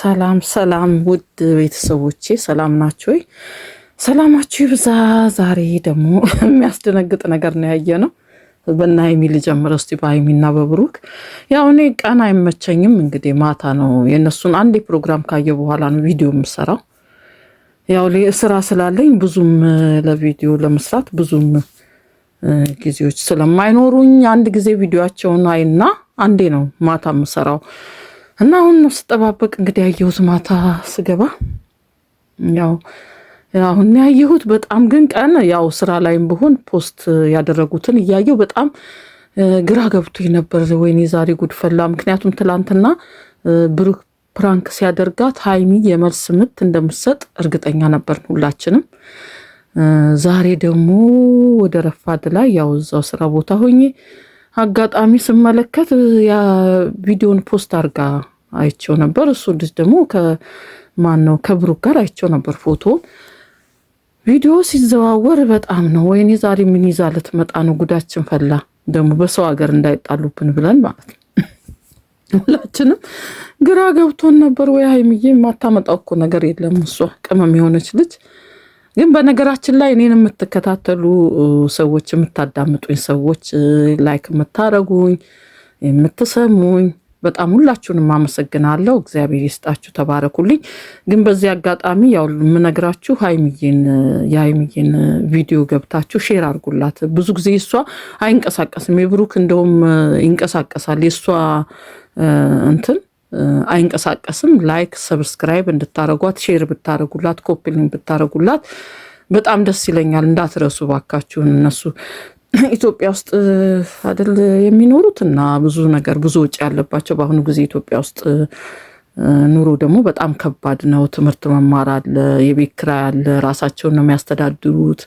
ሰላም ሰላም፣ ውድ ቤተሰቦቼ ሰላም ናችሁ ወይ? ሰላማችሁ ይብዛ። ዛሬ ደግሞ የሚያስደነግጥ ነገር ነው ያየ ነው። በና ሀይሚ ልጀምር እስቲ በሀይሚና በብሩክ ያው እኔ ቀን አይመቸኝም እንግዲህ ማታ ነው የእነሱን አንዴ ፕሮግራም ካየ በኋላ ነው ቪዲዮ የምሰራው። ያው ስራ ስላለኝ ብዙም ለቪዲዮ ለመስራት ብዙም ጊዜዎች ስለማይኖሩኝ አንድ ጊዜ ቪዲዮቸውን አይና አንዴ ነው ማታ የምሰራው እና አሁን ስጠባበቅ እንግዲህ ያየሁት ማታ ስገባ ያው አሁን ያየሁት በጣም ግን ቀን ያው ስራ ላይም ብሆን ፖስት ያደረጉትን እያየው በጣም ግራ ገብቶ ነበር። ወይኔ ዛሬ ጉድፈላ። ምክንያቱም ትላንትና ብሩክ ፕራንክ ሲያደርጋት ሀይሚ የመልስ ምት እንደምትሰጥ እርግጠኛ ነበር ሁላችንም። ዛሬ ደግሞ ወደ ረፋድ ላይ ያው እዛው ስራ ቦታ ሆኜ አጋጣሚ ስመለከት ያ ቪዲዮን ፖስት አድርጋ አይቸው ነበር። እሱ ልጅ ደግሞ ከማን ነው ከብሩክ ጋር አይቸው ነበር ፎቶ ቪዲዮ ሲዘዋወር በጣም ነው ወይኔ፣ ዛሬ ምን ይዛ ልትመጣ ነው? ጉዳችን ፈላ። ደግሞ በሰው ሀገር እንዳይጣሉብን ብለን ማለት ነው። ሁላችንም ግራ ገብቶን ነበር። ወይ ሀይሚዬ የማታመጣው እኮ ነገር የለም እሷ ቅመም የሆነች ልጅ ግን በነገራችን ላይ እኔን የምትከታተሉ ሰዎች፣ የምታዳምጡኝ ሰዎች፣ ላይክ የምታረጉኝ፣ የምትሰሙኝ በጣም ሁላችሁንም አመሰግናለሁ። እግዚአብሔር ይስጣችሁ፣ ተባረኩልኝ። ግን በዚህ አጋጣሚ ያው የምነግራችሁ ሀይሚዬን የሀይሚዬን ቪዲዮ ገብታችሁ ሼር አድርጉላት። ብዙ ጊዜ እሷ አይንቀሳቀስም፣ የብሩክ እንደውም ይንቀሳቀሳል የእሷ እንትን አይንቀሳቀስም። ላይክ ሰብስክራይብ እንድታረጓት፣ ሼር ብታረጉላት፣ ኮፒሊን ብታረጉላት በጣም ደስ ይለኛል። እንዳትረሱ ባካችሁን። እነሱ ኢትዮጵያ ውስጥ አይደል የሚኖሩት እና ብዙ ነገር ብዙ ወጪ ያለባቸው በአሁኑ ጊዜ ኢትዮጵያ ውስጥ ኑሮ ደግሞ በጣም ከባድ ነው። ትምህርት መማር አለ፣ የቤት ኪራይ አለ፣ ራሳቸውን ነው የሚያስተዳድሩት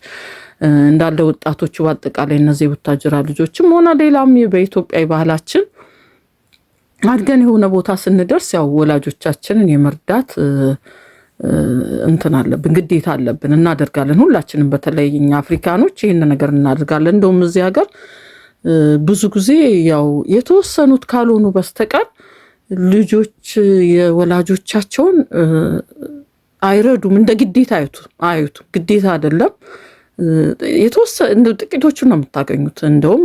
እንዳለ ወጣቶቹ በአጠቃላይ እነዚህ የቡታጅራ ልጆችም ሆነ ሌላም በኢትዮጵያ ባህላችን አድገን የሆነ ቦታ ስንደርስ ያው ወላጆቻችንን የመርዳት እንትን አለብን፣ ግዴታ አለብን፣ እናደርጋለን። ሁላችንም በተለይ እኛ አፍሪካኖች ይህን ነገር እናደርጋለን። እንደውም እዚህ ሀገር ብዙ ጊዜ ያው የተወሰኑት ካልሆኑ በስተቀር ልጆች የወላጆቻቸውን አይረዱም፣ እንደ ግዴታ አዩቱ። ግዴታ አይደለም። ጥቂቶቹ ነው የምታገኙት። እንደውም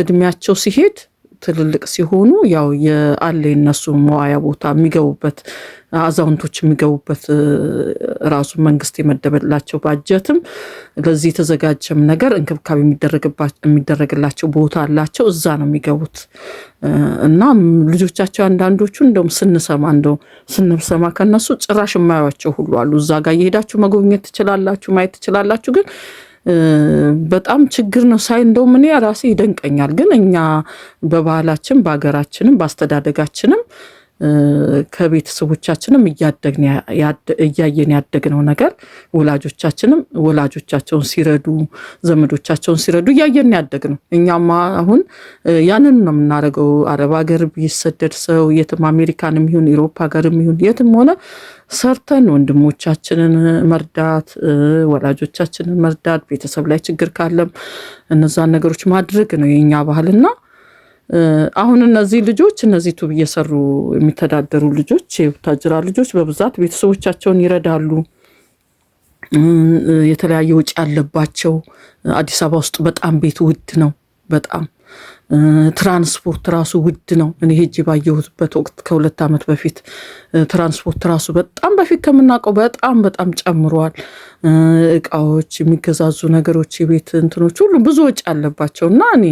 እድሜያቸው ሲሄድ ትልልቅ ሲሆኑ ያው የአለ የነሱ መዋያ ቦታ የሚገቡበት አዛውንቶች የሚገቡበት ራሱ መንግስት የመደበላቸው ባጀትም ለዚህ የተዘጋጀም ነገር እንክብካቤ የሚደረግላቸው ቦታ አላቸው። እዛ ነው የሚገቡት እና ልጆቻቸው አንዳንዶቹ እንደውም ስንሰማ እንደው ስንሰማ ከነሱ ጭራሽ የማያቸው ሁሉ አሉ። እዛ ጋር እየሄዳችሁ መጎብኘት ትችላላችሁ፣ ማየት ትችላላችሁ ግን በጣም ችግር ነው ሳይ እንደውም እኔ ራሴ ይደንቀኛል። ግን እኛ በባህላችን በሀገራችንም በአስተዳደጋችንም ከቤተሰቦቻችንም እያየን ያደግነው ነገር ወላጆቻችንም ወላጆቻቸውን ሲረዱ ዘመዶቻቸውን ሲረዱ እያየን ያደግነው እኛማ አሁን ያንን ነው የምናደርገው። አረብ ሀገር ቢሰደድ ሰው የትም አሜሪካንም ይሁን ኢሮፓ ሀገርም ይሁን የትም ሆነ ሰርተን ወንድሞቻችንን መርዳት፣ ወላጆቻችንን መርዳት፣ ቤተሰብ ላይ ችግር ካለም እነዛን ነገሮች ማድረግ ነው የኛ ባህልና አሁን እነዚህ ልጆች እነዚህ ቱብ እየሰሩ የሚተዳደሩ ልጆች የቡታጅራ ልጆች በብዛት ቤተሰቦቻቸውን ይረዳሉ። የተለያየ ውጭ ያለባቸው አዲስ አበባ ውስጥ በጣም ቤት ውድ ነው። በጣም ትራንስፖርት ራሱ ውድ ነው። እኔ ሄጅ ባየሁትበት ወቅት ከሁለት ዓመት በፊት ትራንስፖርት ራሱ በጣም በፊት ከምናውቀው በጣም በጣም ጨምሯል። እቃዎች፣ የሚገዛዙ ነገሮች፣ የቤት እንትኖች ሁሉ ብዙ ወጪ አለባቸው እና እኔ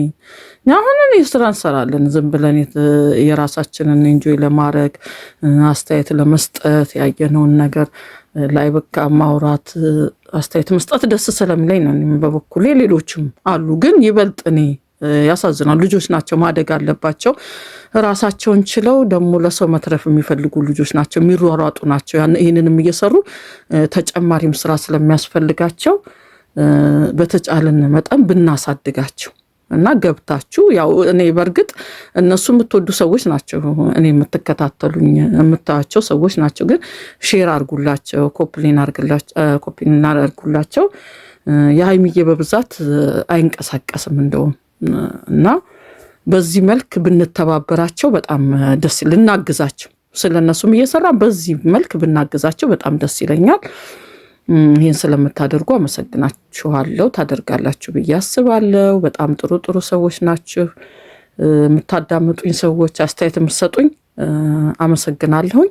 አሁን እኔ ስራ እንሰራለን ዝም ብለን የራሳችንን እንጆይ ለማድረግ አስተያየት ለመስጠት ያየነውን ነገር ላይ በቃ ማውራት አስተያየት መስጠት ደስ ስለሚለኝ ነው። በበኩሌ ሌሎችም አሉ፣ ግን ይበልጥ እኔ ያሳዝናል። ልጆች ናቸው ማደግ አለባቸው። ራሳቸውን ችለው ደግሞ ለሰው መትረፍ የሚፈልጉ ልጆች ናቸው፣ የሚሯሯጡ ናቸው። ይህንንም እየሰሩ ተጨማሪም ስራ ስለሚያስፈልጋቸው በተጫለን መጠን ብናሳድጋቸው እና ገብታችሁ ያው እኔ በእርግጥ እነሱ የምትወዱ ሰዎች ናቸው፣ እኔ የምትከታተሉኝ የምታያቸው ሰዎች ናቸው። ግን ሼር አርጉላቸው፣ ኮፕሊን አርጉላቸው። የሀይሚዬ በብዛት አይንቀሳቀስም እንደውም እና በዚህ መልክ ብንተባበራቸው በጣም ደስ ልናግዛቸው ስለነሱም እየሰራ በዚህ መልክ ብናግዛቸው በጣም ደስ ይለኛል። ይህን ስለምታደርጉ አመሰግናችኋለሁ። ታደርጋላችሁ ብዬ አስባለሁ። በጣም ጥሩ ጥሩ ሰዎች ናችሁ። የምታዳምጡኝ ሰዎች፣ አስተያየት የምትሰጡኝ አመሰግናለሁኝ።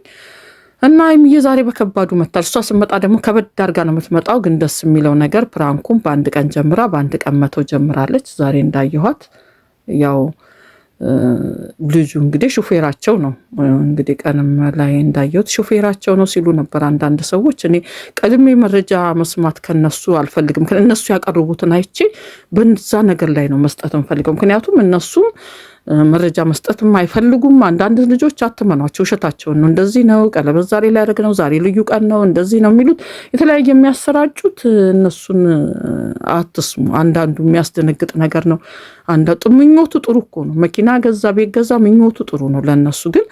እና ሀይሚዬ ዛሬ በከባዱ መታል። እሷ ስመጣ ደግሞ ከበድ አድርጋ ነው የምትመጣው። ግን ደስ የሚለው ነገር ፕራንኩም በአንድ ቀን ጀምራ በአንድ ቀን መተው ጀምራለች። ዛሬ እንዳየኋት ያው ልጁ እንግዲህ ሹፌራቸው ነው እንግዲህ ቀንም ላይ እንዳየሁት ሹፌራቸው ነው ሲሉ ነበር አንዳንድ ሰዎች። እኔ ቀድሜ መረጃ መስማት ከነሱ አልፈልግም። እነሱ ያቀርቡትን አይቼ በዛ ነገር ላይ ነው መስጠት ንፈልገው ምክንያቱም እነሱም መረጃ መስጠትም አይፈልጉም። አንዳንድ ልጆች አትመኗቸው፣ ውሸታቸውን ነው። እንደዚህ ነው፣ ቀለበት ዛሬ ሊያደርግ ነው፣ ዛሬ ልዩ ቀን ነው፣ እንደዚህ ነው የሚሉት የተለያየ የሚያሰራጩት እነሱን አትስሙ። አንዳንዱ የሚያስደነግጥ ነገር ነው። አንዳ ምኞቱ ጥሩ እኮ ነው፣ መኪና ገዛ፣ ቤት ገዛ፣ ምኞቱ ጥሩ ነው ለእነሱ። ግን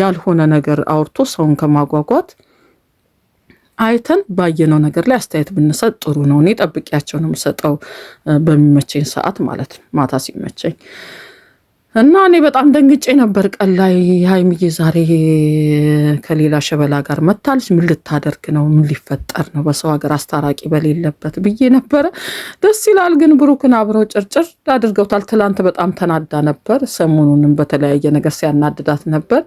ያልሆነ ነገር አውርቶ ሰውን ከማጓጓት አይተን ባየነው ነገር ላይ አስተያየት ብንሰጥ ጥሩ ነው። እኔ ጠብቂያቸው ነው የምሰጠው በሚመቸኝ ሰዓት ማለት ነው፣ ማታ ሲመቸኝ እና እኔ በጣም ደንግጬ ነበር። ቀን ላይ ሀይሚዬ ዛሬ ከሌላ ሸበላ ጋር መታለች፣ ምን ልታደርግ ነው? ምን ሊፈጠር ነው? በሰው ሀገር አስታራቂ በሌለበት ብዬ ነበረ። ደስ ይላል ግን ብሩክን አብረው ጭርጭር አድርገውታል። ትላንት በጣም ተናዳ ነበር። ሰሞኑንም በተለያየ ነገር ሲያናድዳት ነበር።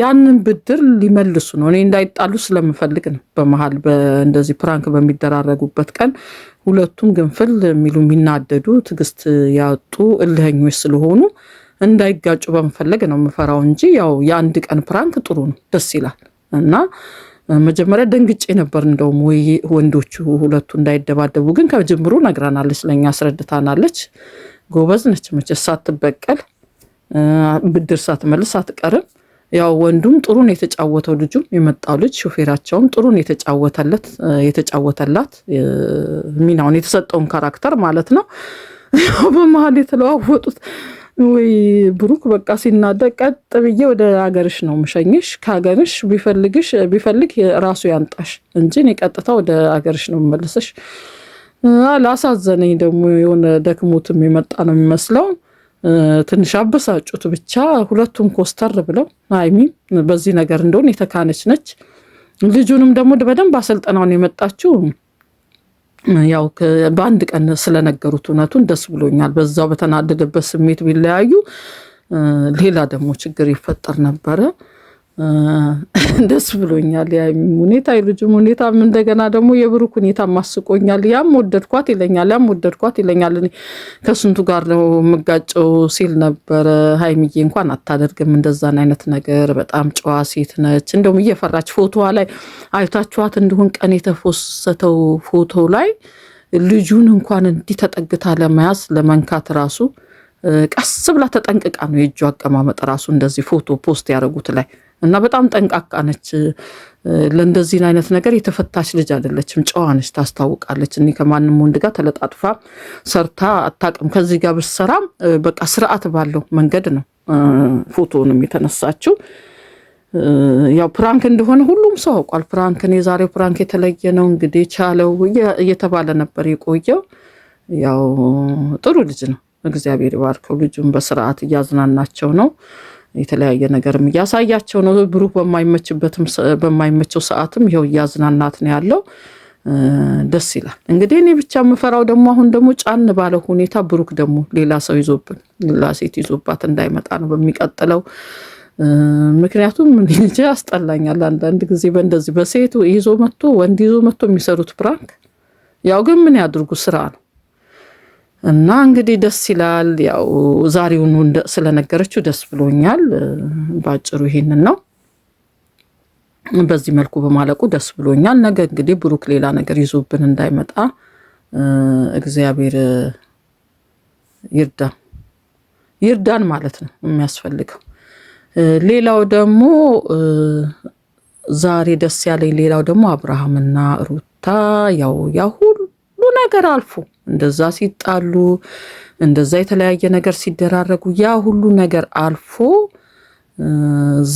ያንን ብድር ሊመልሱ ነው። እኔ እንዳይጣሉ ስለምፈልግ ነው። በመሀል እንደዚህ ፕራንክ በሚደራረጉበት ቀን ሁለቱም ግንፍል የሚሉ የሚናደዱ ትዕግስት ያጡ እልህኞች ስለሆኑ እንዳይጋጩ በመፈለግ ነው የምፈራው እንጂ ያው የአንድ ቀን ፕራንክ ጥሩ ነው፣ ደስ ይላል እና መጀመሪያ ደንግጬ ነበር። እንደውም ወይ ወንዶቹ ሁለቱ እንዳይደባደቡ፣ ግን ከጅምሩ ነግራናለች፣ ለእኛ አስረድታናለች። ጎበዝ ነች መቼስ ሳትበቀል ብድር ሳትመልስ አትቀርም። ያው ወንዱም ጥሩን የተጫወተው ልጁም የመጣው ልጅ ሾፌራቸውም ጥሩን የተጫወተለት የተጫወተላት ሚናውን የተሰጠውን ካራክተር ማለት ነው በመሀል የተለዋወጡት ወይ ብሩክ በቃ ሲናደቅ ቀጥ ብዬ ወደ ሀገርሽ ነው ምሸኝሽ። ከሀገርሽ ቢፈልግሽ ቢፈልግ ራሱ ያንጣሽ እንጂ እኔ ቀጥታ ወደ ሀገርሽ ነው መለሰሽ። ላሳዘነኝ ደግሞ የሆነ ደክሞት የመጣ ነው የሚመስለው። ትንሽ አበሳጩት ብቻ። ሁለቱም ኮስተር ብለው ሀይሚም በዚህ ነገር እንደሆን የተካነች ነች። ልጁንም ደግሞ በደንብ አሰልጠናውን የመጣችው ያው በአንድ ቀን ስለነገሩት እውነቱን ደስ ብሎኛል። በዛው በተናደደበት ስሜት ቢለያዩ ሌላ ደግሞ ችግር ይፈጠር ነበረ። ደስ ብሎኛል። የሀይሚም ሁኔታ የልጁም ሁኔታ እንደገና ደግሞ የብሩክ ሁኔታ ማስቆኛል። ያም ወደድኳት ይለኛል፣ ያም ወደድኳት ይለኛል። እኔ ከስንቱ ጋር ነው የምጋጨው ሲል ነበረ። ሀይሚዬ እንኳን አታደርግም እንደዛን አይነት ነገር። በጣም ጨዋ ሴት ነች። እንደውም እየፈራች ፎቶዋ ላይ አይታችኋት እንዲሁን ቀን የተፎሰተው ፎቶ ላይ ልጁን እንኳን እንዲህ ተጠግታ ለመያዝ ለመንካት ራሱ ቀስ ብላ ተጠንቅቃ ነው የእጁ አቀማመጥ ራሱ እንደዚህ ፎቶ ፖስት ያደረጉት ላይ እና በጣም ጠንቃቃ ነች። ለእንደዚህን አይነት ነገር የተፈታች ልጅ አይደለችም። ጨዋ ነች፣ ታስታውቃለች። እኔ ከማንም ወንድ ጋር ተለጣጥፋ ሰርታ አታውቅም። ከዚህ ጋር ብትሰራም በቃ ስርዓት ባለው መንገድ ነው ፎቶንም የተነሳችው። ያው ፕራንክ እንደሆነ ሁሉም ሰው አውቋል። ፕራንክን የዛሬው ፕራንክ የተለየ ነው እንግዲህ ቻለው እየተባለ ነበር የቆየው። ያው ጥሩ ልጅ ነው፣ እግዚአብሔር ባርከው። ልጁን በስርዓት እያዝናናቸው ነው። የተለያየ ነገርም እያሳያቸው ነው። ብሩክ በማይመችበትም በማይመቸው ሰዓትም ይኸው እያዝናናት ነው ያለው። ደስ ይላል። እንግዲህ እኔ ብቻ የምፈራው ደግሞ አሁን ደግሞ ጫን ባለ ሁኔታ ብሩክ ደግሞ ሌላ ሰው ይዞብን ሌላ ሴት ይዞባት እንዳይመጣ ነው በሚቀጥለው። ምክንያቱም እንጂ ያስጠላኛል አንዳንድ ጊዜ በእንደዚህ በሴት ይዞ መጥቶ ወንድ ይዞ መጥቶ የሚሰሩት ፕራንክ። ያው ግን ምን ያድርጉ ስራ ነው። እና እንግዲህ ደስ ይላል። ያው ዛሬውኑ ስለነገረችው ደስ ብሎኛል። በአጭሩ ይሄንን ነው በዚህ መልኩ በማለቁ ደስ ብሎኛል። ነገ እንግዲህ ብሩክ ሌላ ነገር ይዞብን እንዳይመጣ እግዚአብሔር ይርዳ ይርዳን ማለት ነው የሚያስፈልገው። ሌላው ደግሞ ዛሬ ደስ ያለኝ ሌላው ደግሞ አብርሃምና ሩታ ያው ያሁ ነገር አልፎ እንደዛ ሲጣሉ እንደዛ የተለያየ ነገር ሲደራረጉ ያ ሁሉ ነገር አልፎ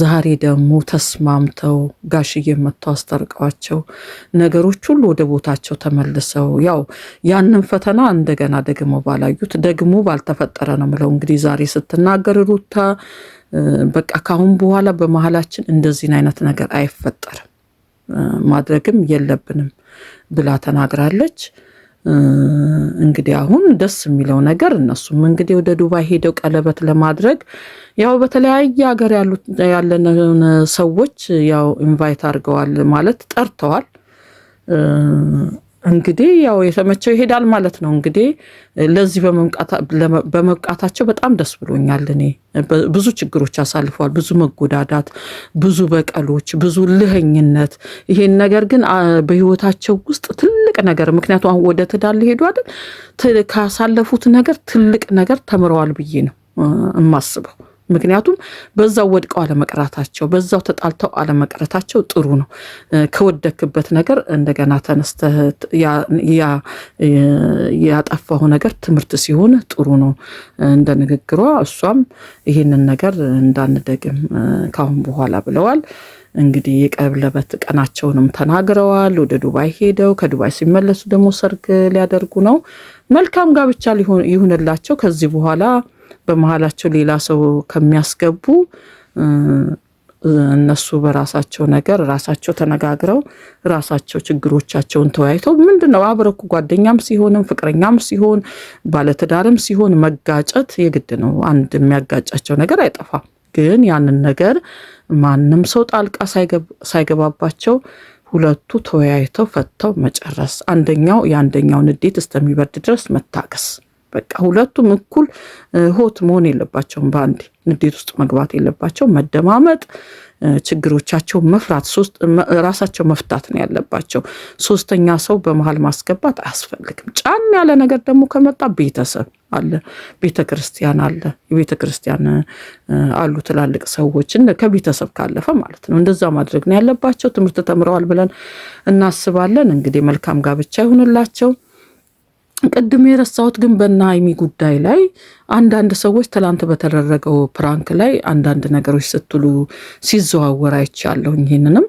ዛሬ ደግሞ ተስማምተው ጋሽዬ መጥተው አስታርቀዋቸው ነገሮች ሁሉ ወደ ቦታቸው ተመልሰው ያው ያንን ፈተና እንደገና ደግሞ ባላዩት ደግሞ ባልተፈጠረ ነው ምለው። እንግዲህ ዛሬ ስትናገር ሩታ በቃ ካሁን በኋላ በመሀላችን እንደዚህን አይነት ነገር አይፈጠርም ማድረግም የለብንም ብላ ተናግራለች። እንግዲህ አሁን ደስ የሚለው ነገር እነሱም እንግዲህ ወደ ዱባይ ሄደው ቀለበት ለማድረግ ያው በተለያየ ሀገር ያለን ሰዎች ያው ኢንቫይት አድርገዋል ማለት ጠርተዋል። እንግዲህ ያው የተመቸው ይሄዳል ማለት ነው። እንግዲህ ለዚህ በመብቃታቸው በጣም ደስ ብሎኛል። እኔ ብዙ ችግሮች አሳልፈዋል፣ ብዙ መጎዳዳት፣ ብዙ በቀሎች፣ ብዙ ልህኝነት ይሄን ነገር ግን በህይወታቸው ውስጥ ትልቅ ነገር ምክንያቱ አሁን ወደ ትዳር ሊሄዱ አይደል፣ ካሳለፉት ነገር ትልቅ ነገር ተምረዋል ብዬ ነው የማስበው። ምክንያቱም በዛው ወድቀው አለመቅራታቸው በዛው ተጣልተው አለመቅረታቸው ጥሩ ነው። ከወደክበት ነገር እንደገና ተነስተህ ያጠፋሁ ነገር ትምህርት ሲሆን ጥሩ ነው። እንደ ንግግሯ እሷም ይህንን ነገር እንዳንደግም ካሁን በኋላ ብለዋል። እንግዲህ የቀለበት ቀናቸውንም ተናግረዋል። ወደ ዱባይ ሄደው ከዱባይ ሲመለሱ ደግሞ ሰርግ ሊያደርጉ ነው። መልካም ጋብቻ ይሁንላቸው ከዚህ በኋላ በመሀላቸው ሌላ ሰው ከሚያስገቡ እነሱ በራሳቸው ነገር ራሳቸው ተነጋግረው ራሳቸው ችግሮቻቸውን ተወያይተው ምንድን ነው አብረኩ ጓደኛም ሲሆንም ፍቅረኛም ሲሆን ባለትዳርም ሲሆን መጋጨት የግድ ነው። አንድ የሚያጋጫቸው ነገር አይጠፋም። ግን ያንን ነገር ማንም ሰው ጣልቃ ሳይገባባቸው ሁለቱ ተወያይተው ፈተው መጨረስ፣ አንደኛው የአንደኛውን እዴት እስከሚበርድ ድረስ መታገስ በቃ ሁለቱም እኩል ሆት መሆን የለባቸውም። በአንድ ንዴት ውስጥ መግባት የለባቸው። መደማመጥ፣ ችግሮቻቸው መፍራት፣ ራሳቸው መፍታት ነው ያለባቸው። ሶስተኛ ሰው በመሀል ማስገባት አያስፈልግም። ጫን ያለ ነገር ደግሞ ከመጣ ቤተሰብ አለ፣ ቤተ ክርስቲያን አለ። የቤተ ክርስቲያን አሉ ትላልቅ ሰዎች ከቤተሰብ ካለፈ ማለት ነው። እንደዛ ማድረግ ነው ያለባቸው። ትምህርት ተምረዋል ብለን እናስባለን። እንግዲህ መልካም ጋብቻ ይሁንላቸው። ቅድም የረሳሁት ግን በናይሚ ጉዳይ ላይ አንዳንድ ሰዎች ትላንት በተደረገው ፕራንክ ላይ አንዳንድ ነገሮች ስትሉ ሲዘዋወር አይቻለሁ። ይህንንም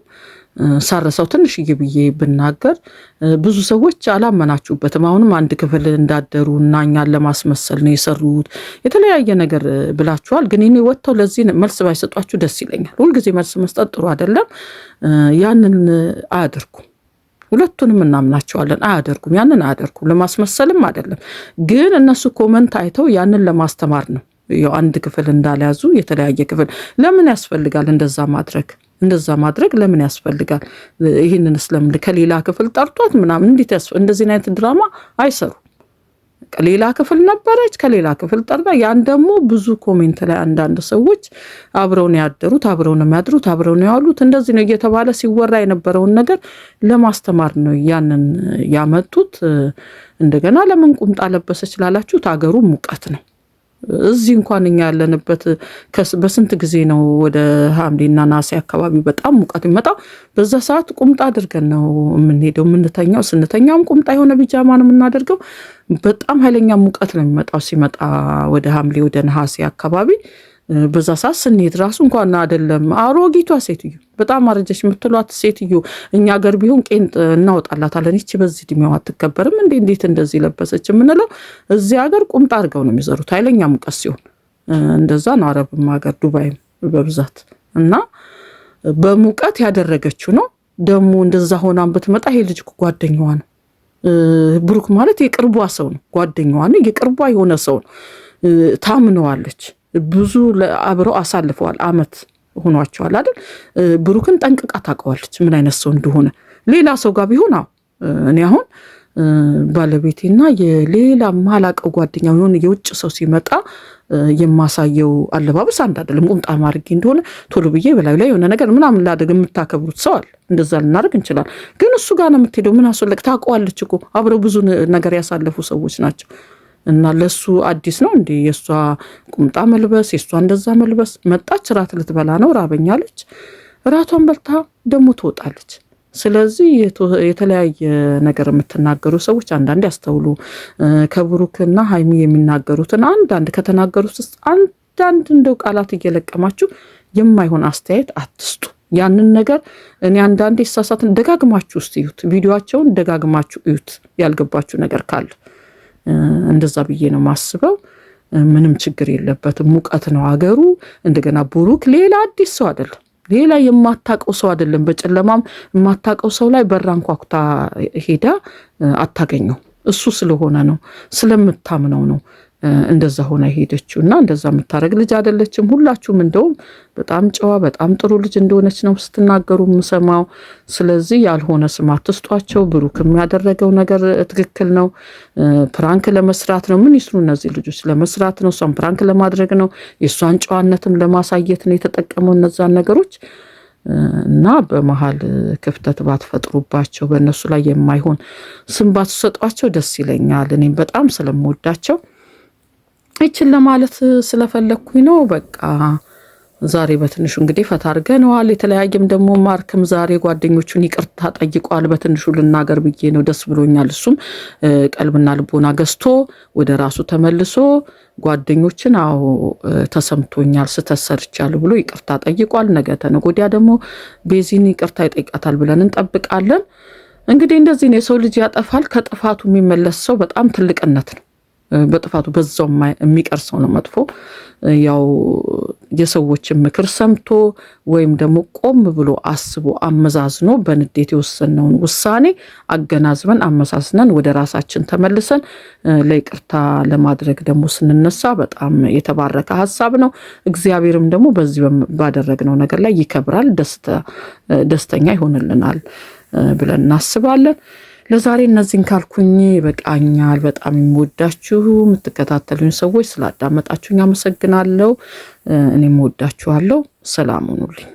ሳረሰው ትንሽዬ ብዬ ብናገር ብዙ ሰዎች አላመናችሁበትም። አሁንም አንድ ክፍል እንዳደሩ እና እኛን ለማስመሰል ነው የሰሩት የተለያየ ነገር ብላችኋል። ግን እኔ ወጥተው ለዚህ መልስ ባይሰጧችሁ ደስ ይለኛል። ሁልጊዜ መልስ መስጠት ጥሩ አይደለም። ያንን አያድርጉም። ሁለቱንም እናምናቸዋለን። አያደርጉም፣ ያንን አያደርጉም። ለማስመሰልም አይደለም፣ ግን እነሱ ኮመንት አይተው ያንን ለማስተማር ነው። ያው አንድ ክፍል እንዳልያዙ የተለያየ ክፍል ለምን ያስፈልጋል? እንደዛ ማድረግ እንደዛ ማድረግ ለምን ያስፈልጋል? ይህንን ስለምን ከሌላ ክፍል ጠርቷት ምናምን እንደዚህን አይነት ድራማ አይሰሩ ሌላ ክፍል ነበረች፣ ከሌላ ክፍል ጠርጋ ያን ደግሞ ብዙ ኮሜንት ላይ አንዳንድ ሰዎች አብረውን ያደሩት፣ አብረው ነው የሚያድሩት፣ አብረው ነው ያሉት፣ እንደዚህ ነው እየተባለ ሲወራ የነበረውን ነገር ለማስተማር ነው ያንን ያመጡት። እንደገና ለምን ቁምጣ ለበሰች ላላችሁት አገሩ ሙቀት ነው። እዚህ እንኳን እኛ ያለንበት በስንት ጊዜ ነው ወደ ሐምሌና ነሐሴ አካባቢ በጣም ሙቀት የሚመጣው። በዛ ሰዓት ቁምጣ አድርገን ነው የምንሄደው የምንተኛው። ስንተኛውም ቁምጣ የሆነ ቢጃማ ነው የምናደርገው። በጣም ኃይለኛ ሙቀት ነው የሚመጣው ሲመጣ ወደ ሐምሌ ወደ ነሐሴ አካባቢ በዛ ሰዓት ስንሄድ ራሱ እንኳን አይደለም አሮጊቷ ሴትዮ በጣም አረጀች የምትሏት ሴትዮ እኛ ገር ቢሆን ቄንጥ እናወጣላታለን። ይቺ በዚህ እድሜዋ አትከበርም እንዴ እንዴት እንደዚህ ለበሰች የምንለው፣ እዚህ ሀገር ቁምጣ አድርገው ነው የሚዘሩት ኃይለኛ ሙቀት ሲሆን እንደዛ ነው። አረብም ሀገር ዱባይም በብዛት እና በሙቀት ያደረገችው ነው። ደግሞ እንደዛ ሆናን ብትመጣ ይሄ ልጅ ጓደኛዋ ነው። ብሩክ ማለት የቅርቧ ሰው ነው፣ ጓደኛዋ ነው፣ የቅርቧ የሆነ ሰው ነው። ታምነዋለች። ብዙ አብረው አሳልፈዋል። አመት ሆኗቸዋል አይደል? ብሩክን ጠንቅቃ ታውቀዋለች ምን አይነት ሰው እንደሆነ። ሌላ ሰው ጋር ቢሆን አዎ እኔ አሁን ባለቤቴና የሌላ ማላቀው ጓደኛ የሆነ የውጭ ሰው ሲመጣ የማሳየው አለባበስ አንድ አይደለም። ቁምጣ አድርጌ እንደሆነ ቶሎ ብዬ በላዩ ላይ የሆነ ነገር ምናምን ላደግ የምታከብሩት ሰው አለ። እንደዛ ልናደርግ እንችላል። ግን እሱ ጋር ነው የምትሄደው። ምን አስወለቅ ታውቀዋለች እኮ አብረው ብዙ ነገር ያሳለፉ ሰዎች ናቸው። እና ለሱ አዲስ ነው እንዴ? የእሷ ቁምጣ መልበስ፣ የእሷ እንደዛ መልበስ። መጣች ራት ልትበላ ነው፣ ራበኛለች። ራቷን በልታ ደግሞ ትወጣለች። ስለዚህ የተለያየ ነገር የምትናገሩ ሰዎች አንዳንድ ያስተውሉ። ከብሩክና ሀይሚ የሚናገሩትን አንዳንድ ከተናገሩት ውስጥ አንዳንድ እንደው ቃላት እየለቀማችሁ የማይሆን አስተያየት አትስጡ። ያንን ነገር እኔ አንዳንድ የሳሳትን ደጋግማችሁ ውስጥ እዩት፣ ቪዲዮቸውን ደጋግማችሁ እዩት፣ ያልገባችሁ ነገር ካለ እንደዛ ብዬ ነው የማስበው። ምንም ችግር የለበትም። ሙቀት ነው ሀገሩ። እንደገና ብሩክ ሌላ አዲስ ሰው አይደለም፣ ሌላ የማታቀው ሰው አይደለም። በጨለማም የማታቀው ሰው ላይ በራንኳኩታ ሄዳ አታገኘው። እሱ ስለሆነ ነው ስለምታምነው ነው። እንደዛ ሆና ሄደችው እና እንደዛ የምታደረግ ልጅ አይደለችም። ሁላችሁም እንደውም በጣም ጨዋ በጣም ጥሩ ልጅ እንደሆነች ነው ስትናገሩ የምሰማው። ስለዚህ ያልሆነ ስም አትስጧቸው። ብሩክ የሚያደረገው ነገር ትክክል ነው። ፕራንክ ለመስራት ነው። ምን ይስሩ እነዚህ ልጆች ለመስራት ነው። እሷን ፕራንክ ለማድረግ ነው። የእሷን ጨዋነትም ለማሳየት ነው የተጠቀመው እነዛን ነገሮች እና በመሀል ክፍተት ባትፈጥሩባቸው በእነሱ ላይ የማይሆን ስም ባትሰጧቸው ደስ ይለኛል። እኔም በጣም ስለምወዳቸው ይችን ለማለት ስለፈለግኩኝ ነው። በቃ ዛሬ በትንሹ እንግዲህ ፈታ አድርገነዋል። የተለያየም ደግሞ ማርክም ዛሬ ጓደኞቹን ይቅርታ ጠይቋል። በትንሹ ልናገር ብዬ ነው። ደስ ብሎኛል። እሱም ቀልብና ልቦና ገዝቶ ወደ ራሱ ተመልሶ ጓደኞችን አዎ ተሰምቶኛል፣ ስህተት ሰርቻለሁ ብሎ ይቅርታ ጠይቋል። ነገ ተነገ ወዲያ ደግሞ ቤዚን ይቅርታ ይጠይቃታል ብለን እንጠብቃለን። እንግዲህ እንደዚህ ነው። የሰው ልጅ ያጠፋል። ከጥፋቱ የሚመለስ ሰው በጣም ትልቅነት ነው። በጥፋቱ በዛው የሚቀር ሰው ነው መጥፎ። ያው የሰዎችን ምክር ሰምቶ ወይም ደግሞ ቆም ብሎ አስቦ አመዛዝኖ በንዴት የወሰነውን ውሳኔ አገናዝበን አመሳስነን ወደ ራሳችን ተመልሰን ለይቅርታ ለማድረግ ደግሞ ስንነሳ በጣም የተባረከ ሀሳብ ነው። እግዚአብሔርም ደግሞ በዚህ ባደረግነው ነገር ላይ ይከብራል፣ ደስተኛ ይሆንልናል ብለን እናስባለን። ለዛሬ እነዚህን ካልኩኝ ይበቃኛል። በጣም የምወዳችሁ የምትከታተሉኝ ሰዎች ስላዳመጣችሁኝ አመሰግናለሁ። እኔም ወዳችኋለሁ። ሰላም ሁኑልኝ።